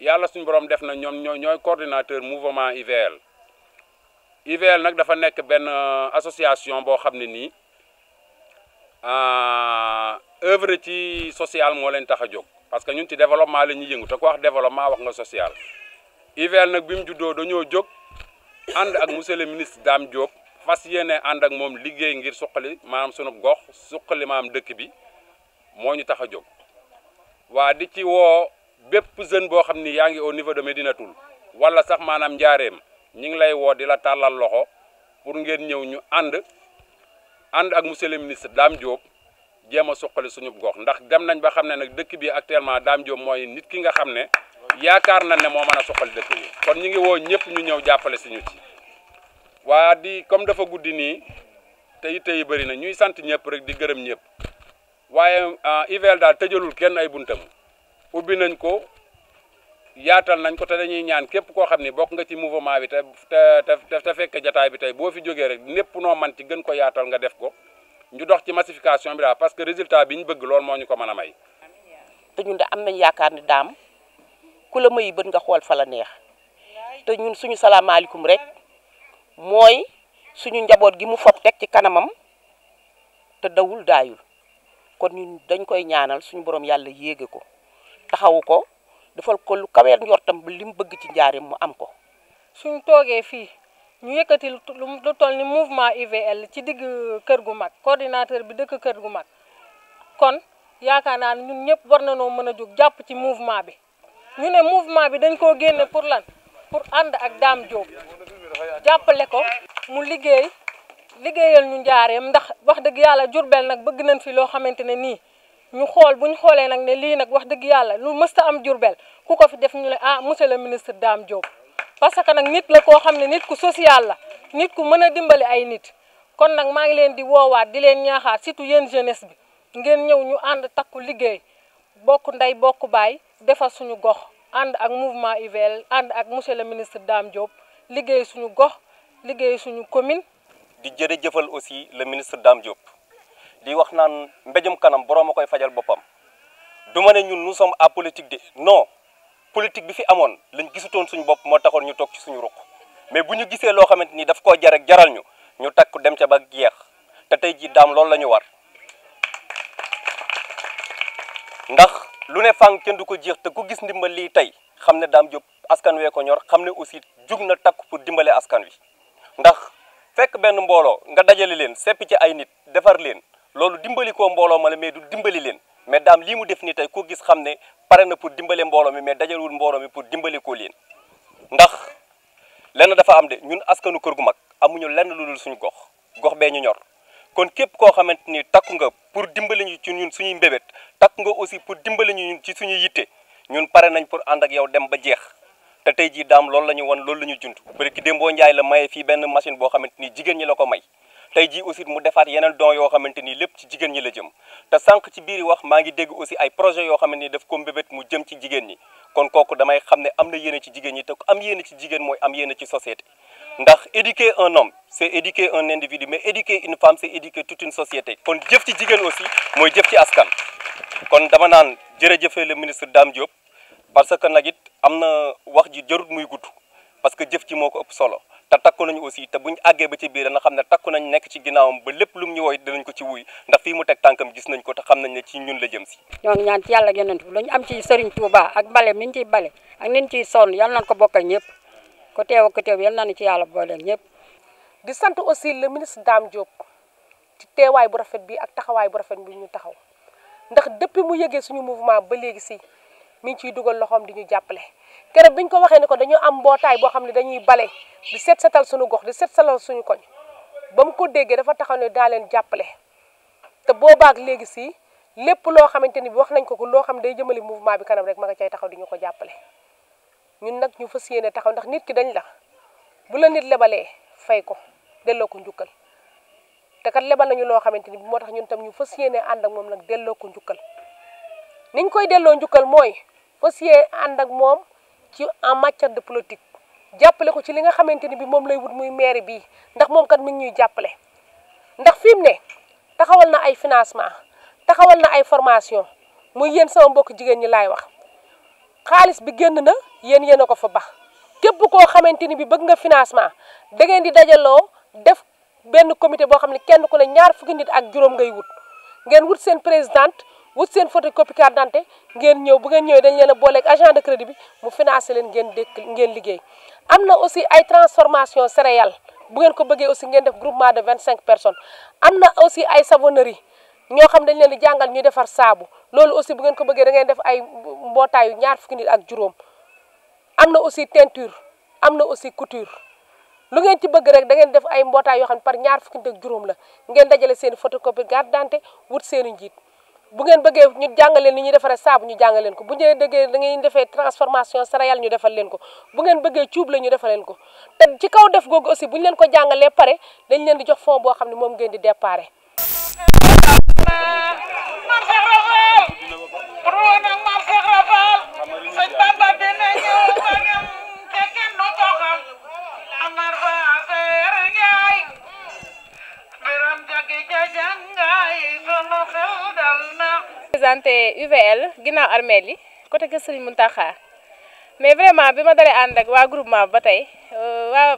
yàlla suñu borom def na ñoom ñoo ñooy coordinateur mouvement IVL IVL nag dafa nekk benn euh, association boo xam ne nii euh, œuvre ci social moo leen tax a jóg parce que ñun ci développement la ñuy yëngu te ko wax développement wax nga social IVL nag bi mu juddoo dañoo jog ànd ak monsieur le ministre Dame Diop fas yene ànd ak moom liggéey ngir suqali maanaam sunu gox suqali maanaam dëkk bi moo ñu tax a jóg waa di ci woo bépp jeune boo xam ni yaa ngi au niveau de Médinatoul wala sax maanaam njaareem ñi ngi lay woo di la tàllal loxo pour ngeen ñëw ñu ànd ànd ak monsieur le ministre Dame Diop jéem a suqali suñu gox ndax dem nañ ba xam ne nag dëkk bi actuellement Dame Diop mooy nit ki nga xam ne yaakaar nañ ne moo man a suqali dëkk bi kon ñu ngi woo ñëpp ñu ñëw jàppale ñu ci waa di comme dafa guddi nii tey tey bëri na ñuy sant ñëpp rek di gërëm ñëpp waaye Ivel ah, daal tëjalul kenn ay buntam. ubbi nañ ko yaatal nañ ko te dañuy ñaan képp koo xam ni bokk nga ci mouvement bi te te te fekk jataay bi tey boo fi jógee rek népp noo man ci gën ko yaatal nga def ko ñu dox ci massification bi daal parce que résultat bi ñu bëgg loolu moo ñu ko mën a may. te ñun de am nañ yaakaar ni daam ku la mayi bët nga xool fa la neex te ñun suñu salaamaaleykum rek mooy suñu njaboot gi mu fob teg ci kanamam te dawul daayul kon ñun dañ koy ñaanal suñu borom yàlla yéege ko. taxawu ko defal ko lu kaweel njortam ba li mu bëgg ci njaareem mu am ko. suñ toogee fii ñu yëkkati lu toll ni mouvement IVL ci digg kër gu mag coordinateur bi dëkk kër gu mag kon yaakaar naa ne ñun ñëpp war nañoo mën a jóg jàpp ci mouvement bi ñu ne mouvement bi dañ koo génne pour lan pour ànd ak Dame Diop jàppale ko mu liggéey liggéeyal ñu njaareem ndax wax dëgg yàlla Jurbel nag bëgg nañ fi loo xamante ne nii. ñu xool bu ñu xoolee nag ne lii nag wax dëgg yàlla lu mësta am Jurbel ku ko fi def ñu ne ah monsieur le ministre daam Diop parce que nag nit la koo xam ne nit ku social la nit ku mën a dimbali ay nit kon nag maa ngi leen di woowaat di leen ñaaxaat surtout yéen jeunesse bi ngeen ñëw ñu ànd takku liggéey bokk ndey bokk baay defal suñu gox ànd ak mouvement UVL ànd ak monsieur le ministre Dame jóob liggéey suñu gox liggéey suñu commune. di jëfal aussi le ministre Dame Diop. li wax naan mbéjum kanam borom a koy fajal boppam du ma ne ñun nous sommes apolitique de non politique bi fi amoon lañ gisutoon suñu bopp moo taxoon ñu toog ci suñu ruq mais bu ñu gisee loo xamante ni daf koo jar jaral ñu ñu takk dem ca ba jeex te tey jii daam loolu la ñu war ndax lu ne fàng du ko jeex te ku gis ndimbal lii tey xam ne daam jóg askan wee ko ñor xam ne aussi jug na takk pour dimbale askan wi ndax fekk benn mbooloo nga dajale leen seppi ci ay nit defar leen loolu dimbali koo mbooloo ma la mais du dimbali leen mais daam lii mu def nii tey ku gis xam ne pare na pour dimbale mbooloo mi mais dajalewul mbooloo mi pour dimbali ko leen ndax lenn dafa am de ñun askanu kër gu mag amuñu lenn lu dul suñu gox gox bee ñu ñor kon képp koo xamante ni takku nga pour dimbali ñu ci ñun suñuy mbébét takku nga aussi pour dimbali ñu ñun ci suñuy yitte ñun pare nañ pour ànd ak yow dem ba jeex te tey jii daam loolu la ñu wan loolu la junt parce que démboo njaay la maye machine boo xamante ni jigéen ñi la ko may tey jii aussi mu defaat yeneen don yoo xamante ni lépp ci jigéen ñi la jëm te sànq ci biir wax maa ngi dégg aussi ay projet yoo xamante ni daf ko mbébét mu jëm ci jigéen ñi kon kooku damay xam ne am na yéene ci jigéen ñi te am yéene ci jigéen mooy am yéene ci société ndax éduquer un homme c' est un individu mais éduquer une femme c' est éduquer toute une société kon jëf ci jigéen aussi mooy jëf ci askan kon dama naan jërëjëfee le ministre Dame Diop parce que nag it am na wax ji jarut muy gudd parce que jëf ci moo ko ëpp solo te takku nañu aussi te buñ àggee ba ci biir na xam ne takku nañ nekk ci ginnaawam ba lépp lu mu ñu woy dinañ ko ci wuy ndax fii mu teg tànkam gis nañ ko te xam nañ ne ci ñun la jëm si ñoo ñaan ci yàlla yonent bi ñu am ci sëriñ Touba ak bale min ciy bale ak nin ciy sonn yal nañ ko bokk ak ñëpp ko teew ak ko teew yal nañu ci yàlla boole ñëpp di sant aussi le ministre Dame Diop ci teewaay bu rafet bi ak taxawaay bu rafet bi ñu taxaw ndax depuis mu yëgee suñu mouvement ba léegi si mi ngi ciy dugal loxoom di ñu jàppale keroog bi ñu ko waxee ne ko dañu am mbootaay boo xam ne dañuy bale di set setal suñu gox di set setal suñu koñ ba mu ko déggee dafa taxaw ne daa leen jàppale te boo boobaak léegi si lépp loo xamante ni bi wax nañ ko loo xam day jëmali mouvement bi kanam rek ma nga cay taxaw ko jàppale ñun nag ñu fas yéene taxaw ndax nit ki dañ la bu la nit lebalee fay ko delloo njukkal te kat lebal loo xamante ni bi moo tax ñun tam ñu fas yéene ànd ak moom nag delloo ko njukkal niñ koy delloo njukkal mooy fas yéene ànd ak moom ci en matière de politique jàppale ko ci li nga xamante ni bi moom lay wut muy maire bii ndax moom kat mi ngi ñuy jàppale ndax fi mu ne taxawal na ay financement taxawal na ay formation muy yéen sama mbokk jigéen ñi laay wax xaalis bi génn na yéen yéen a ko fa bax képp koo xamante ni bi bëgg nga financement da ngeen di dajaloo def benn comité boo xam ne kenn ku ne ñaar fukki nit ak juróom ngay wut ngeen wut seen présidente wut seen photocopie carte d'identité ngeen ñëw bu ngeen ñëwee dañ leen a booleeg agent de crédit bi mu financé leen ngeen ngeen liggéey am na aussi ay transformation céréales bu ngeen ko bëggee aussi ngeen def groupement de vingt cinq personnes am na aussi ay savonnerie ñoo xam dañ leen di jàngal ñuy defar saabu loolu aussi bu ngeen ko bëggee da def ay mbootaayu ñaar fukki nit ak juróom am na aussi teinture am na aussi culture lu ngeen ci bëgg rek dangeen def ay mbootaay yoo xam ne par ñaar fukki nit ak la ngeen dajale seen photocopie carte d'identité wut seen i bu ngeen bëggee ñu jàngaleen ni ñuy defaree saabu ñu jàngaleen ko bu ngeen déggee da ngay defee transformation céréale ñu defal leen ko bu ngeen bëggee cuub la ñu defal leen ko te ci kaw def googu aussi bu ñu ko jàngalee pare dañ leen di jox fond boo xam ne moom ngeen di déparé armeel yi côté kër mun taxaa mais vraiment bi ma dalee ànd ak waa groupement ba tey euh, waa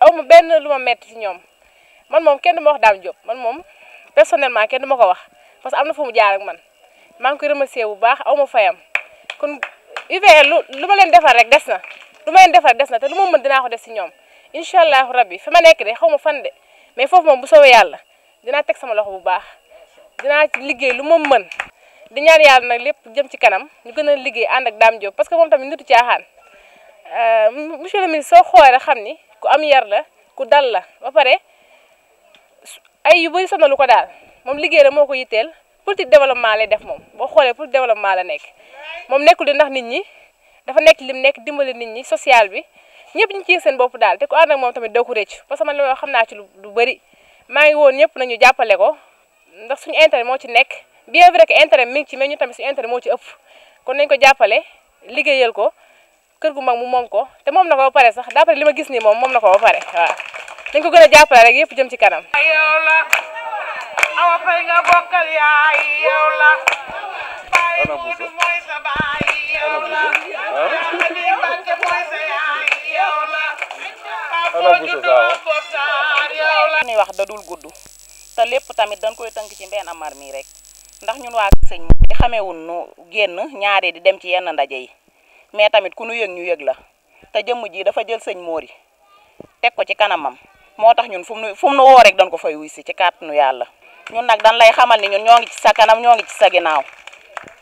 aw ma benn lu ma metti ci ñoom man moom kenn du ma wax daal Diop man moom personnellement kenn du ma ko wax parce que am na fu mu jaar ak man maa ngi koy remercier bu baax aw ma fayam kon UVL lu lu ma leen defar rek des na lu ma leen defar des na te lu mën dinaa ko def ci ñoom incha allahu rabbi fi ma nekk de xaw ma fan de mais foofu moom bu soobee yàlla dinaa teg sama loxo bu baax dinaa liggéey lu ma mën. di ñaan yàlla nag lépp jëm ci kanam ñu gën a liggéey ànd ak Dame Diop parce que moom tamit nitu caaxaan euh, monsieur le soo xoolee xam ni ku am yar la ku dal la ba pare ay yu bëri sonalu ko daal moom liggéey rek moo ko yitteel politique développement lay def moom boo xoolee politique développement la nekk moom nekkul di ndax nit ñi dafa nekk lim nekk dimbali nit ñi social bi ñëpp ñu ci seen bopp daal te ku ànd ak moom tamit doo ko rëcc parce que man li naa ci lu bëri maa ngi woon ñëpp nañu jàppale ko ndax suñu intérêt moo ci nekk. bien vrai que intérêt mi ngi ci mais ñu tamit si intérêt moo ci ëpp kon nañ ko jàppale liggéeyal ko kër gu mag mu moom ko te moom na ko ba pare sax d'après li ma gis nii moom moom na ko ba pare waaw nañ ko gën a jàppale rek yëpp jëm ci kanam. yow la awa fay sa wax da gudd te lépp tamit dan koy tënk ci mbenn amar mii rek. ndax ñun waa sëñ bi xameewun nu génn ñaaree di dem ci yenn ndaje yi mais tamit ku nu yëg ñu yëg la te jëmm ji dafa jël sëñ Mori teg ko ci kanamam moo tax ñun fu mu fu mu nu woo rek dañ ko fay wuy si ci kàttanu yàlla ñun nag dan lay xamal ni ñun ñoo ngi ci sa kanam ñoo ngi ci sa ginnaaw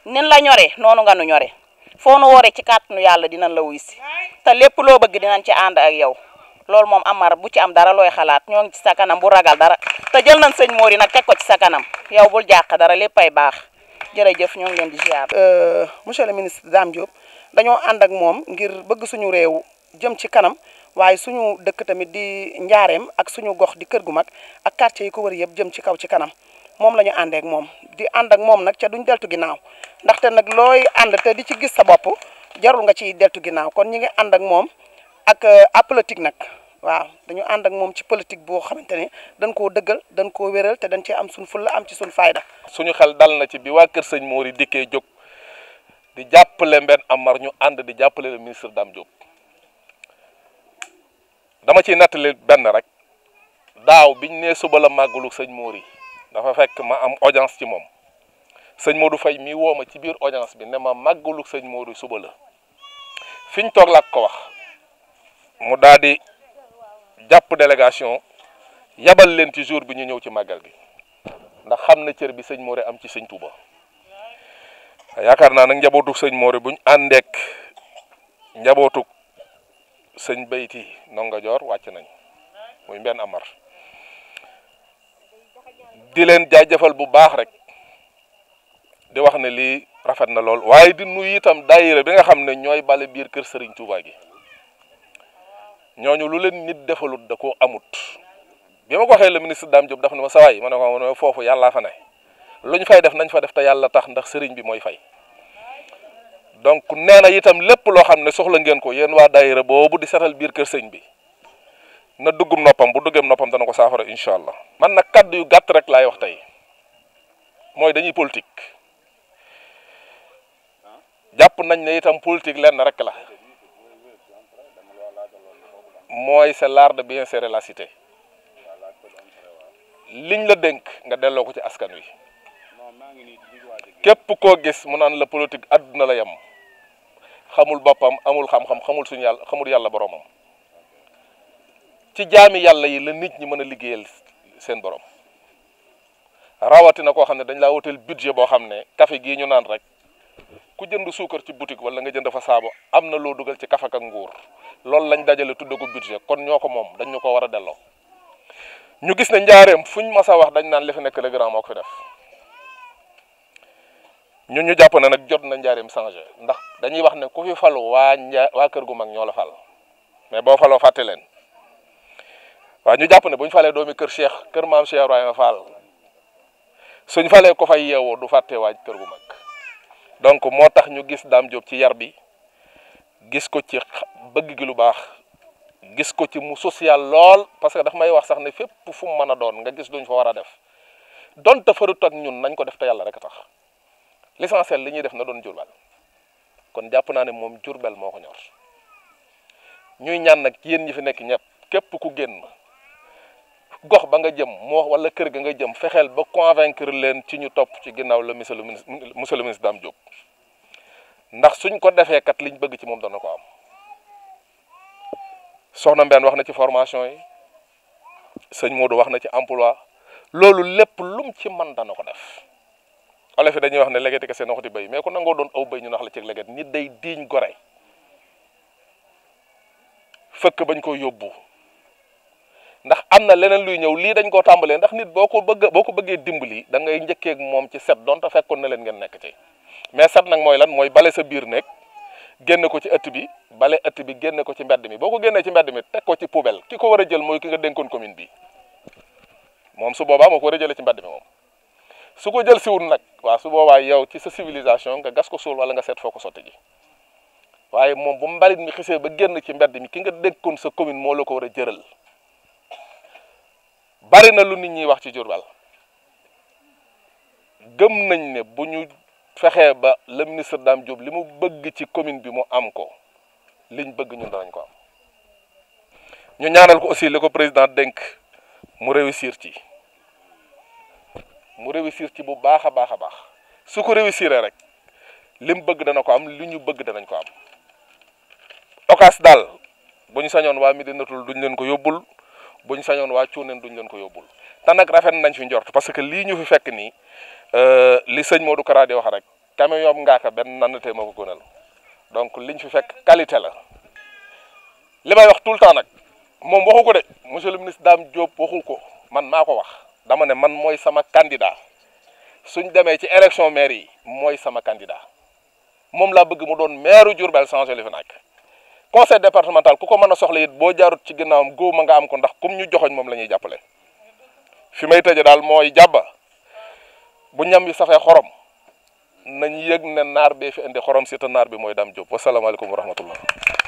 nin la ñore noonu nga nu ñore foo nu woore ci kàttanu yàlla dinañ la wuy si te lépp loo bëgg dinañ ci ànd ak yow loolu moom Amar bu ci am dara looy xalaat ñoo ngi ci sa kanam bu ragal dara te jël nañ sëñ yi nag teg ko ci sa kanam yow bul jàq dara léppay baax jërëjëf ñoo ngi leen di ziar. Euh, monsieur le ministre Dame Diop dañoo ànd ak moom ngir bëgg suñu réew jëm ci kanam waaye suñu dëkk tamit di njaareem ak suñu gox di kër gu mag ak quartier yi ko wër yëpp jëm ci kaw ci kanam moom lañu ñu moom di ànd ak moom nag ca duñ deltu ginnaaw ndaxte nag looy ànd te di ci gis sa bopp jarul nga ciy deltu ginnaaw kon ñi ngi ànd ak moom ak euh, apolitique nag. waaw dañu ànd ak moom ci politique boo xamante ne dañ koo dëggal dañ koo wéral te dañ cee am suñ fulla am ci suñ fayda suñu xel dal na ci bi waa Kër Sëñ Mori dikkee jóg di jàppale Mbène Amar ñu ànd di jàppale le ministre Dame Diop dama ciy nettali benn rek daaw biñ ne suba la màggalu sëñ Mori dafa fekk ma am audience ci moom sëñ Modou Faye mii woo ma ci biir audience bi ne ma màggalu sëñ Mori suba la fiñ toog laat ko wax mu daal di jàpp délégation yabal leen ci jour bi ñu ñëw ci màggal gi ndax xam na cër bi sëñ Mooré am ci sëñ Touba yaakaar naa nag njabootu sëñ Mooré buñ àndeek njabootu sëñ Beyti Ndonga Joor wàcc nañ muy benn amar di leen jaajëfal bu baax rek di wax ne lii rafet na lool waaye di nuyu itam daayira bi nga xam ne ñooy bale biir kër Serigne Touba gi. ñooñu lu leen nit defalut da ko amut bi ma ko waxee le ministre daam Diop daf na ma sa waay ma ne ko ma ne foofu yàllaa fa ne ñu fay def nañ fa def te yàlla tax ndax sëriñ bi mooy fay donc nee na itam lépp loo xam ne soxla ngeen ko yéen waa daayira boobu di setal biir kër sëñ bi na duggum noppam bu duggeem noppam dana ko saafara incha allah. man nag kàdd yu gàtt rek laay wax tey mooy dañuy politik jàpp nañ ne itam politique lenn rek la. mooy c'est l'art de bien serrer la liñ la denk nga delloo ko ci askan wi képp koo gis mu naan la politique àdduna la yem xamul boppam amul xam-xam xamul suñ yàlla xamul yàlla boromam ci jaami yàlla yi la nit ñi mën a liggéeyal seen borom rawatina koo xam ne dañ laa wutal budget boo xam ne café gii ñu naan rek ku jënd suukar ci boutique wala nga jënd fa saabu am na loo dugal ci kafak ak nguur loolu lañ dajale tudde ko budget kon ñoo ko moom dañ ñu ko war a delloo ñu gis ne njaareem fuñ mas a wax dañ naan li fi nekk le grand ko def ñun ñu ne nag jot na njaareem changé ndax dañuy wax ne ku fi falu waa nja waa kër gu mag ñoo la fal mais boo faloo fàtte leen waa ñu jàpp ne bu ñu falee doomi kër Cheikh kër maam Cheikh Ibrahima fal suñ falee ko fa yeewoo du fàtte waa kër gu mag donc moo tax ñu gis daam Diop ci yar bi gis ko ci bëgg gi lu baax gis ko ci mu social lool parce que daf may wax sax ne fépp fu mu mën a doon nga gis duñ fa war a def donte farut ak ñun nañ ko def te yàlla rek a tax l'essentiel li ñuy def na doon Jurbel kon jàpp naa ne moom Jurbel moo ko ñor ñuy ñaan nag yéen ñi fi nekk ñëpp képp ku génn. gox ba nga jëm moo wala kër ga nga jëm fexeel ba convaincre leen ci ñu topp ci ginnaw la monsieur le ministre monsieur le ministre Dame Diop ndax suñ ko defee kat liñ bëgg ci moom dana ko am soxna Mbène wax na ci formation yi sëñ Modou wax na ci emploi loolu lépp lum ci man dana ko def olof dañuy wax ne léegi ka seen waxti béy mais ko nangoo doon aw bay ñu nax la ci léegi nit day diiñ gore fëkk bañ ko yóbbu. ndax am na leneen luy ñëw lii dañ koo tàmbalee ndax nit boo ko bëgg boo ko bëggee dimbali da ngay njëkkee moom ci set donte fekkoon na leen ngeen nekk ci mais set nag mooy lan mooy bale sa biir nekk génn ko ci ëtt bi bale ëtt bi génn ko ci mbedd mi boo ko génnee ci mbedd mi teg ko ci poubelle ki ko war a jël mooy ki nga dénkoon bi moom su boobaa moo ko war jëlee ci mbedd mi moom su ko jël siwul nag waaw su boobaa yow ci sa civilisation nga gas ko suul wala nga seet foo ko sotti ji waaye moom bu mbalit mi xisee ba génn ci mbedd mi ki nga dénkoon sa commune moo la ko war a jëral bari na lu nit ñiy wax ci Diourbel gëm nañ ne bu ñu fexee ba le ministre Dame Diop li mu bëgg ci commune bi mu am ko liñ bëgg ñun danañ ko am ñu ñaanal ko aussi li ko président dénk mu réussir ci mu réussir ci bu baax a baax a baax su ko réussir rek li mu bëgg dana ko am li ñu bëgg danañ ko am okas daal bu ñu sañoon waa Médinatoul duñ leen ko yóbbul buñ sañoon waa cuuneen duñ leen ko yóbbul te nag rafet nañ fi njort parce que lii ñu fi fekk nii euh, li sëñ Modou Kara di wax rek camion ngaaka benn nanatee ma ko gënal donc liñ fi fekk qualité la li may wax tout le temps nag moom waxu ko de monsieur le ministre Dame jóob waxul ko man maa ko wax dama ne man mooy sama candidat suñ demee ci élection maire yi mooy sama candidat moom laa bëgg mu doon maire Diourbel changé li fi nekk conseil départemental ku ko mën a soxla it boo jaarut ci ginnaawam góob ma nga am ko ndax comme ñu joxoñ moom la ñuy jàppale fi may tëje daal mooy jàbba bu ñam yi safee xorom nañ yëg ne naar bee fi indi xorom si te naar bi mooy Dame Diop wasalaamaaleykum wa rahmatullah